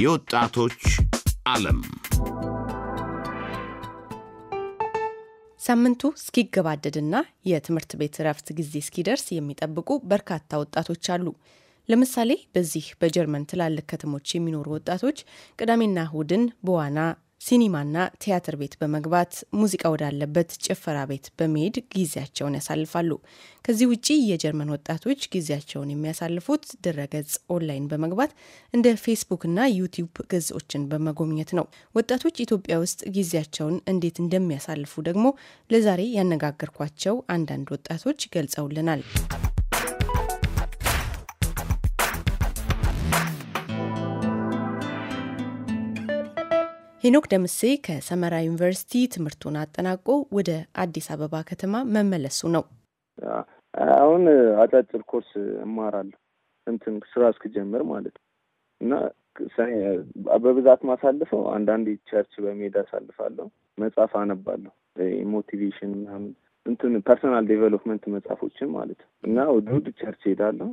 የወጣቶች ዓለም ሳምንቱ እስኪገባደድና የትምህርት ቤት እረፍት ጊዜ እስኪደርስ የሚጠብቁ በርካታ ወጣቶች አሉ። ለምሳሌ በዚህ በጀርመን ትላልቅ ከተሞች የሚኖሩ ወጣቶች ቅዳሜና እሁድን በዋና ሲኒማና ቲያትር ቤት በመግባት ሙዚቃ ወዳለበት ጭፈራ ቤት በመሄድ ጊዜያቸውን ያሳልፋሉ። ከዚህ ውጪ የጀርመን ወጣቶች ጊዜያቸውን የሚያሳልፉት ድረገጽ ኦንላይን በመግባት እንደ ፌስቡክና ዩቲዩብ ገጾችን በመጎብኘት ነው። ወጣቶች ኢትዮጵያ ውስጥ ጊዜያቸውን እንዴት እንደሚያሳልፉ ደግሞ ለዛሬ ያነጋገርኳቸው አንዳንድ ወጣቶች ገልጸውልናል። ሄኖክ ደምሴ ከሰመራ ዩኒቨርሲቲ ትምህርቱን አጠናቆ ወደ አዲስ አበባ ከተማ መመለሱ ነው። አሁን አጫጭር ኮርስ እማራለሁ እንትን ስራ እስክጀምር ማለት ነው እና በብዛት ማሳልፈው አንዳንዴ ቸርች በሜዳ አሳልፋለሁ፣ መጽሐፍ አነባለሁ፣ ሞቲቬሽን ምናምን እንትን ፐርሰናል ዴቨሎፕመንት መጽሐፎችን ማለት ነው እና ወደ ውድ ቸርች ሄዳለሁ።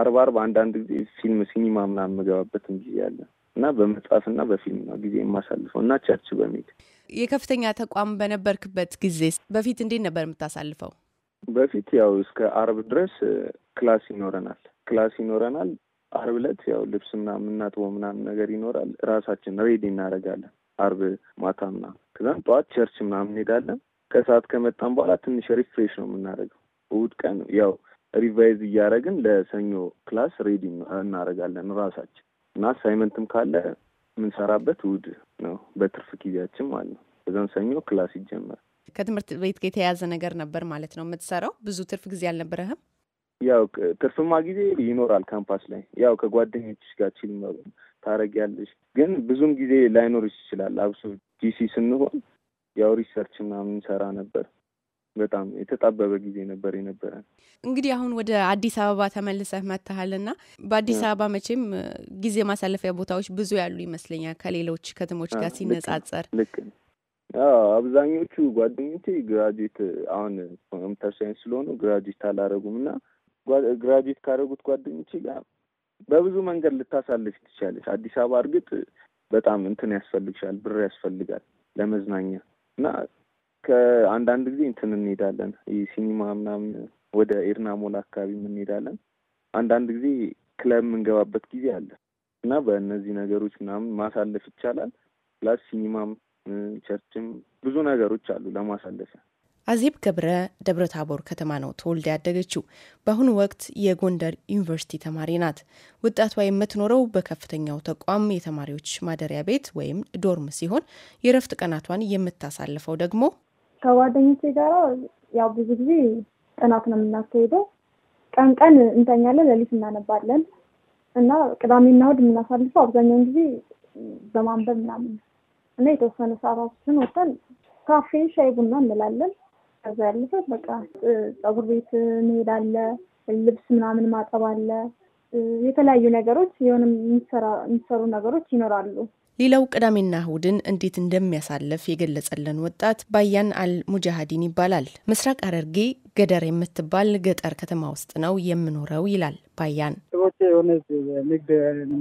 አርባ አርባ አንዳንድ ጊዜ ፊልም ሲኒማ ምናምን የምገባበትም ጊዜ አለ። እና በመጽሐፍና በፊልም ነው ጊዜ የማሳልፈው እና ቸርች በሚሄድ የከፍተኛ ተቋም በነበርክበት ጊዜ በፊት እንዴት ነበር የምታሳልፈው? በፊት ያው እስከ አርብ ድረስ ክላስ ይኖረናል። ክላስ ይኖረናል። አርብ ዕለት ያው ልብስ ምናምን የምናጥበው ምናምን ነገር ይኖራል። ራሳችን ሬዲ እናደርጋለን። አርብ ማታ ከዛም ጠዋት ቸርች ምናምን እንሄዳለን። ከሰዓት ከመጣን በኋላ ትንሽ ሪፍሬሽ ነው የምናደርገው። እሑድ ቀን ያው ሪቫይዝ እያደረግን ለሰኞ ክላስ ሬዲ እናደርጋለን ራሳችን እና አሳይመንትም ካለ የምንሰራበት ውድ ነው በትርፍ ጊዜያችን ማለት ነው። በዛን ሰኞ ክላስ ይጀመር። ከትምህርት ቤት የተያዘ ነገር ነበር ማለት ነው የምትሰራው? ብዙ ትርፍ ጊዜ አልነበረህም? ያው ትርፍማ ጊዜ ይኖራል ካምፓስ ላይ ያው ከጓደኞች ጋር ችል ታረጊያለሽ፣ ግን ብዙም ጊዜ ላይኖርሽ ይችላል። አብሶ ዲሲ ስንሆን ያው ሪሰርች ምናምን እንሰራ ነበር በጣም የተጣበበ ጊዜ ነበር የነበረ። እንግዲህ አሁን ወደ አዲስ አበባ ተመልሰህ መጥተሃልና በአዲስ አበባ መቼም ጊዜ ማሳለፊያ ቦታዎች ብዙ ያሉ ይመስለኛል ከሌሎች ከተሞች ጋር ሲነጻጸር። ልክ አብዛኞቹ ጓደኞቼ ግራጁዌት አሁን ኮምፒተር ሳይንስ ስለሆኑ ግራጁዌት አላረጉም እና ግራጁዌት ካደረጉት ጓደኞቼ ጋር በብዙ መንገድ ልታሳልፍ ትችላለች። አዲስ አበባ እርግጥ በጣም እንትን ያስፈልግሻል፣ ብር ያስፈልጋል ለመዝናኛ እና ከአንዳንድ ጊዜ እንትን እንሄዳለን ሲኒማ ምናምን ወደ ኤድና ሞል አካባቢ እንሄዳለን። አንዳንድ ጊዜ ክለብ የምንገባበት ጊዜ አለ እና በእነዚህ ነገሮች ምናምን ማሳለፍ ይቻላል። ፕላስ ሲኒማም፣ ቸርችም ብዙ ነገሮች አሉ ለማሳለፍ። አዜብ ገብረ ደብረ ታቦር ከተማ ነው ተወልዳ ያደገችው። በአሁኑ ወቅት የጎንደር ዩኒቨርሲቲ ተማሪ ናት። ወጣቷ የምትኖረው በከፍተኛው ተቋም የተማሪዎች ማደሪያ ቤት ወይም ዶርም ሲሆን የረፍት ቀናቷን የምታሳልፈው ደግሞ ከጓደኞቼ ጋራ ያው ብዙ ጊዜ ጥናት ነው የምናካሄደው። ቀን ቀን እንተኛለን፣ ሌሊት እናነባለን እና ቅዳሜና እሑድ የምናሳልፈው አብዛኛውን ጊዜ በማንበብ ምናምን እና የተወሰነ ሰዓታችን ወጥተን ካፌ ሻይ ቡና እንላለን። ከዛ ያለፈ በቃ ፀጉር ቤት እንሄዳለ፣ ልብስ ምናምን ማጠብ አለ፣ የተለያዩ ነገሮች የሆነ የሚሰሩ ነገሮች ይኖራሉ። ሌላው ቅዳሜና እሁድን እንዴት እንደሚያሳልፍ የገለጸልን ወጣት ባያን አል ሙጃሃዲን ይባላል። ምስራቅ ሐረርጌ ገደር የምትባል ገጠር ከተማ ውስጥ ነው የምኖረው ይላል ባያን። ሰዎች የሆነ ንግድ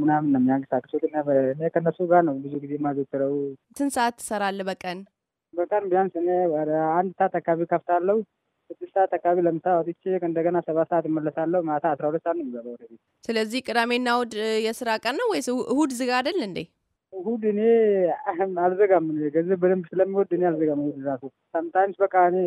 ምናምን ነው የሚያንቀሳቅሱት ነበር። ከነሱ ጋር ነው ብዙ ጊዜ ማዘውተረው። ስንት ሰዓት ትሰራለህ በቀን? በቀን ቢያንስ እኔ አንድ ሰዓት አካባቢ ከፍታለሁ። ስድስት ሰዓት አካባቢ ለምሳ ወጥቼ እንደገና ሰባት ሰዓት እመለሳለሁ። ማታ አስራ ሁለት ሰዓት ነው የሚገባ ወደ ስለዚህ ቅዳሜና እሁድ የስራ ቀን ነው ወይስ እሁድ ዝጋ አይደል እንዴ? እሁድ እኔ አልዘጋም። ገንዘብ በደንብ ስለሚወድ እኔ አልዘጋም። ራሱ ሰምታይምስ በቃ እኔ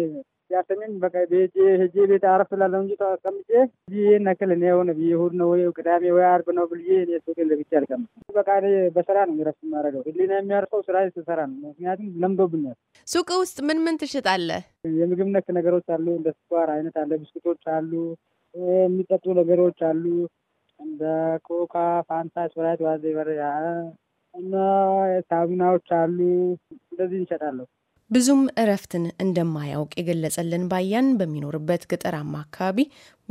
ያሰሜን በቃ ቤቴ ሄጄ ቤት አረፍ ላለሁ እንጂ ተቀምጬ ይህን ያክል እኔ የሆነ ብዬ እሁድ ነው ወይ ቅዳሜ ወይ አርብ ነው ብዬ እኔ ሱቅ ለብቻ አልቀም። በቃ እኔ በስራ ነው ረፍት የማደርገው። ህሊና የሚያርፈው ስራ ስሰራ ነው። ምክንያቱም ለምዶብኛል። ሱቅ ውስጥ ምን ምን ትሽጣለህ? የምግብ ነክ ነገሮች አሉ። እንደ ስኳር አይነት አለ፣ ብስኩቶች አሉ፣ የሚጠጡ ነገሮች አሉ፣ እንደ ኮካ፣ ፋንታ፣ ስፕራይት፣ ዋዜ እና ሳሙናዎች አሉ። እንደዚህ እንሸጣለሁ። ብዙም እረፍትን እንደማያውቅ የገለጸልን ባያን በሚኖርበት ገጠራማ አካባቢ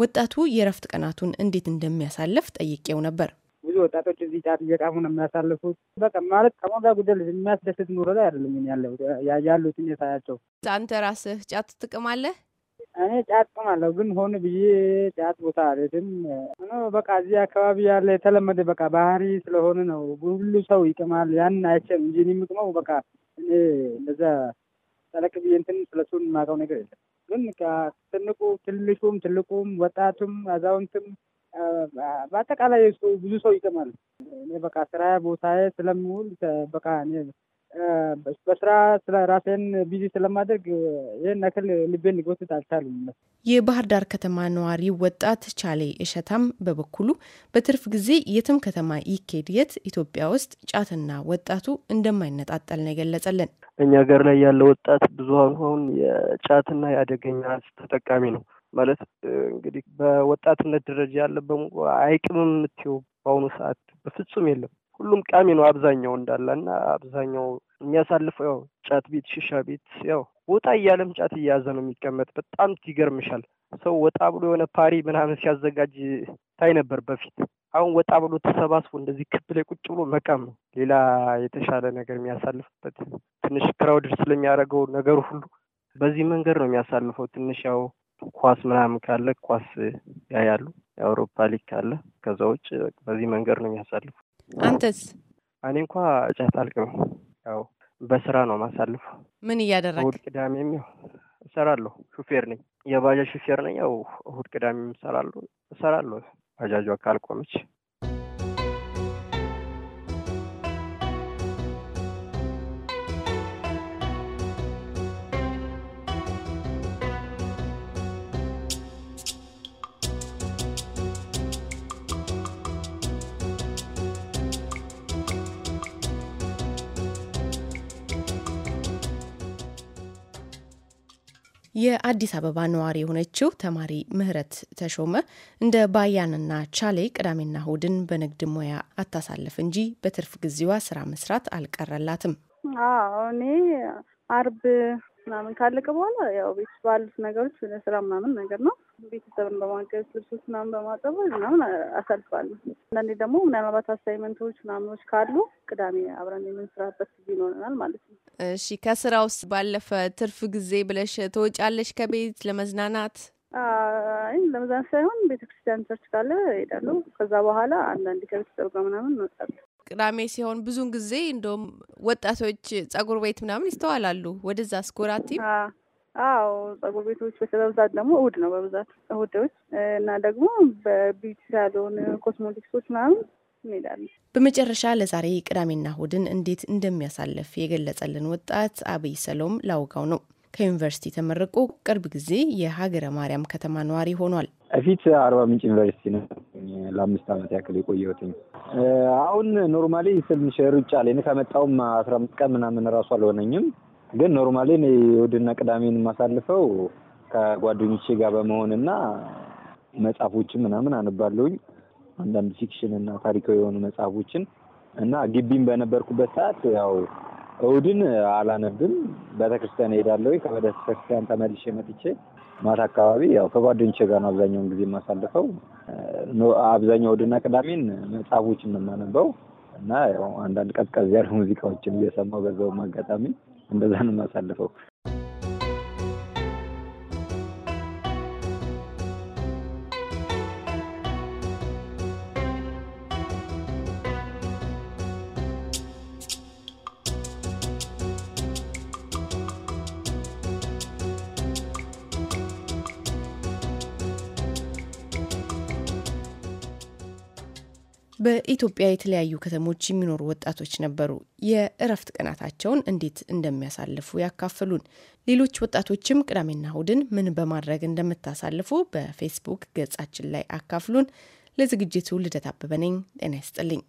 ወጣቱ የእረፍት ቀናቱን እንዴት እንደሚያሳልፍ ጠይቄው ነበር። ብዙ ወጣቶች እዚህ ጫት እየቃሙ ነው የሚያሳልፉት። በቃ ማለት ከሞላ ጎደል የሚያስደስት ኑሮ ላይ አይደለም ያለው ያሉትን የሳያቸው። አንተ ራስህ ጫት ትቅማለህ? እኔ ጫት እቅማለሁ ግን ሆን ብዬ ጫት ቦታ አልሄድም። በቃ እዚህ አካባቢ ያለ የተለመደ በቃ ባህሪ ስለሆነ ነው። ሁሉ ሰው ይቅማል። ያን አይቼም እንጂ እኔ የምቅመው በቃ እኔ እንደዛ ጠለቅ ብዬ እንትን ስለሱን የማውቀው ነገር የለም። ግን ትንቁ ትልቁም ትልቁም ወጣቱም አዛውንትም በአጠቃላይ ብዙ ሰው ይቅማል። እኔ በቃ ስራ ቦታዬ ስለምውል በቃ እኔ በስራ ስለ ራሴን ቢዚ ስለማድረግ ይህን ያክል ልቤን ሊጎትት አልቻሉም። የባህር ዳር ከተማ ነዋሪ ወጣት ቻሌ እሸታም በበኩሉ በትርፍ ጊዜ የትም ከተማ ይኬድ የት ኢትዮጵያ ውስጥ ጫትና ወጣቱ እንደማይነጣጠል ነው የገለጸልን። እኛ ሀገር ላይ ያለ ወጣት ብዙ አሁን የጫትና የአደገኛ ተጠቃሚ ነው ማለት እንግዲህ በወጣትነት ደረጃ ያለ አይቅምም የምትይው በአሁኑ ሰዓት በፍጹም የለም። ሁሉም ቃሚ ነው አብዛኛው እንዳለ እና አብዛኛው የሚያሳልፈው ያው ጫት ቤት፣ ሽሻ ቤት ያው ወጣ እያለም ጫት እየያዘ ነው የሚቀመጥ። በጣም ይገርምሻል። ሰው ወጣ ብሎ የሆነ ፓሪ ምናምን ሲያዘጋጅ ታይ ነበር በፊት። አሁን ወጣ ብሎ ተሰባስቦ እንደዚህ ክብ ላይ ቁጭ ብሎ መቀም ነው። ሌላ የተሻለ ነገር የሚያሳልፍበት ትንሽ ክራውድ ስለሚያደርገው ነገሩ ሁሉ በዚህ መንገድ ነው የሚያሳልፈው። ትንሽ ያው ኳስ ምናምን ካለ ኳስ ያያሉ። የአውሮፓ ሊግ ካለ ከዛ ውጭ በዚህ መንገድ ነው የሚያሳልፉ። አንተስ? እኔ እንኳ ጫት አልቅም። ያው በስራ ነው ማሳልፍ። ምን እያደረግ? እሑድ ቅዳሜም ያው እሰራለሁ። ሹፌር ነኝ፣ የባጃጅ ሹፌር ነኝ። ያው እሑድ ቅዳሜም እሰራለሁ እሰራለሁ ባጃጇ ካልቆመች የአዲስ አበባ ነዋሪ የሆነችው ተማሪ ምህረት ተሾመ እንደ ባያንና ቻሌ ቅዳሜና እሁድን በንግድ ሙያ አታሳልፍ እንጂ በትርፍ ጊዜዋ ስራ መስራት አልቀረላትም። እኔ አርብ ምናምን ካለቀ በኋላ ያው ቤት ባሉት ነገሮች ስራ ምናምን ነገር ነው። ቤተሰብን በማገዝ ልብሶች ምናምን በማጠብ ምናምን አሳልፋለሁ። አንዳንዴ ደግሞ ምናልባት አሳይመንቶች ምናምኖች ካሉ ቅዳሜ አብረን የምንስራበት ጊዜ ይኖረናል ማለት ነው። እሺ ከስራ ውስጥ ባለፈ ትርፍ ጊዜ ብለሽ ትወጫለሽ ከቤት ለመዝናናት? ለመዝናናት ሳይሆን ቤተክርስቲያን ቸርች ካለ እሄዳለሁ። ከዛ በኋላ አንዳንድ ከቤት ጋር ምናምን እንወጣለን። ቅዳሜ ሲሆን ብዙውን ጊዜ እንደውም ወጣቶች ጸጉር ቤት ምናምን ይስተዋላሉ። ወደዛ ስኮራቲም አዎ፣ ጸጉር ቤቶች በብዛት ደግሞ እሁድ ነው በብዛት እሁዶች እና ደግሞ በቢዩቲ ሳሎን ኮስሞቲክሶች ምናምን እንሄዳለን። በመጨረሻ ለዛሬ ቅዳሜና እሁድን እንዴት እንደሚያሳልፍ የገለጸልን ወጣት አብይ ሰሎም ላውጋው ነው። ከዩኒቨርሲቲ ተመርቆ ቅርብ ጊዜ የሀገረ ማርያም ከተማ ነዋሪ ሆኗል። እፊት አርባ ምንጭ ዩኒቨርሲቲ ነው ለአምስት ዓመት ያክል የቆየሁትኝ። አሁን ኖርማሊ ትንሽ ሩጫ ላይ ከመጣውም አስራ አምስት ቀን ምናምን እራሱ አልሆነኝም። ግን ኖርማሊ እሑድና ቅዳሜን የማሳልፈው ከጓደኞቼ ጋር በመሆንና መጽሐፎችን ምናምን አነባለሁኝ አንዳንድ ፊክሽን እና ታሪካዊ የሆኑ መጽሐፎችን እና ግቢም በነበርኩበት ሰዓት ያው እሑድን አላነብም። ቤተክርስቲያን ሄዳለሁ። ከቤተክርስቲያን ተመልሼ መጥቼ ማታ አካባቢ ያው ከጓደኞቼ ጋር ነው አብዛኛውን ጊዜ የማሳልፈው። አብዛኛው እሑድና ቅዳሜን መጽሐፎችን የማነበው እና ያው አንዳንድ ቀዝቀዝ ያሉ ሙዚቃዎችን እየሰማው በዛውም አጋጣሚ እንደዛ ነው የማሳልፈው። በኢትዮጵያ የተለያዩ ከተሞች የሚኖሩ ወጣቶች ነበሩ። የእረፍት ቀናታቸውን እንዴት እንደሚያሳልፉ ያካፍሉን። ሌሎች ወጣቶችም ቅዳሜና እሁድን ምን በማድረግ እንደምታሳልፉ በፌስቡክ ገጻችን ላይ አካፍሉን። ለዝግጅቱ ልደት አበበ ነኝ። ጤና ይስጥልኝ።